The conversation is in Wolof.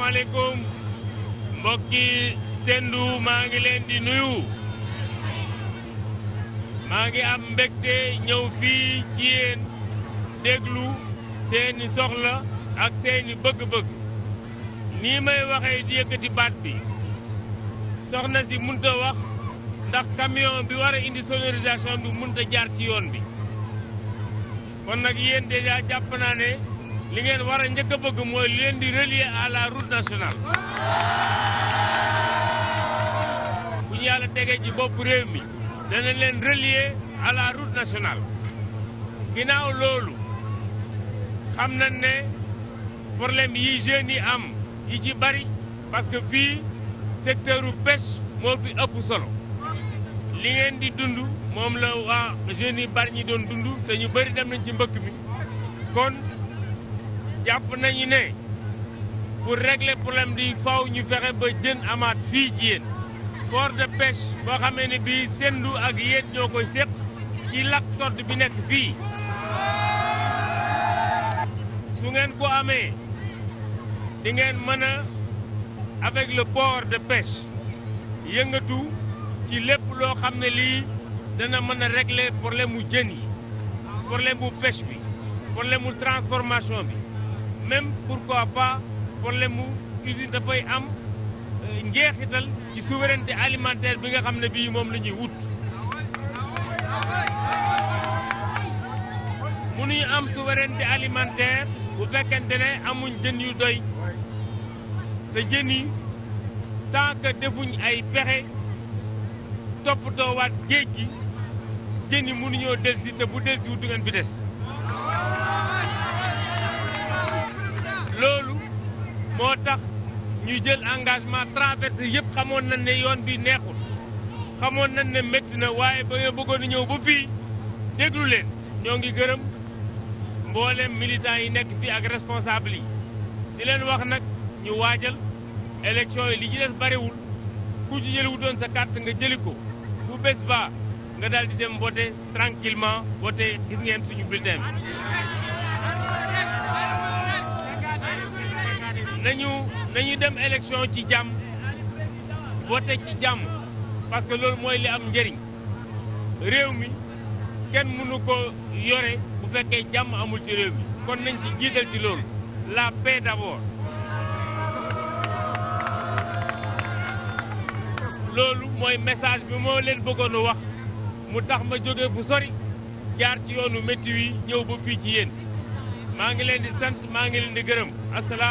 asalaamaaleykum mbokki Sendou maa ngi leen di nuyu maa ngi am mbégte ñëw fii ci yéen déglu seeni soxla ak seeni bëgg-bëgg nii may waxee di yëkkati baat bi soxna si munta wax ndax kamiyon bi war a indi sonorisation bi munta jaar ci yoon bi kon nag yéen déjà jàpp naa ne li ngeen war a njëkk a bëgg mooy li leen di relier à la route nationale. bu ñu yàlla tegee ci bopp dana leen relier à la route ginaaw ginnaaw loolu xam nañ ne problème yi jeunes yi am yi ci bari parce que fii secteur u pêche moo fi ëpp solo. li ngeen di dund moom la waa jeunes yi bari ñi doon dund te ñu bari dem nañ ci mbëkk mi kon. jàpp nañu ne pour régler problème bi faw ñu fexe ba jën amaat fii ci yéen port de pêche boo xamee ne bii sendu ak yéen ñoo koy séq ci lac Tod bi nekk fii su ngeen ko amee di ngeen mën a avec le por de pêche yëngatu ci lépp loo xam ne lii dana mën a régler problème mu jën yi problème mu bi problème mu transformation bi même pourquoi pas problème mu usine dafay am euh, njeexital ci souveraineté alimentaire bi nga xam ne bii moom la ñuy wut. mënuñu am souveraineté alimentaire bu fekkente ne amuñ jën yu doy te jën yi tant que defuñ ay pexe toowaat géej gi jën yi mënuñoo delsi te bu delsi wut du ngeen bi des. moo tax ñu jël engagement traversé yëpp xamoon nañ ne yoon bii neexul xamoon nañ ne métti na waaye ba nga bëggoon a ñëw ba fii déglu leen ñoo ngi gërëm mbooleem militant yi nekk fii ak responsable yi di leen wax nag ñu waajal élection yi li ci des bariwul ku ci wutoon sa carte nga jëli ko bes bés ba nga daal di dem voter tranquillement voter gis ngeen suñu bulletin nañu nañu dem élection ci jàmm voté ci jàmm parce que loolu mooy li am njëriñ réew mi kenn mënu ko yore bu fekkee jàmm amul ci réew mi kon nañ ci jiital ci loolu la paix d'abord loolu mooy message bi moo leen bëggoon a wax mu tax ma jóge fu sori jaar ci yoonu métti wi ñëw ba fii ci yéen maa ngi leen di sant maa ngi leen di gërëm asalaam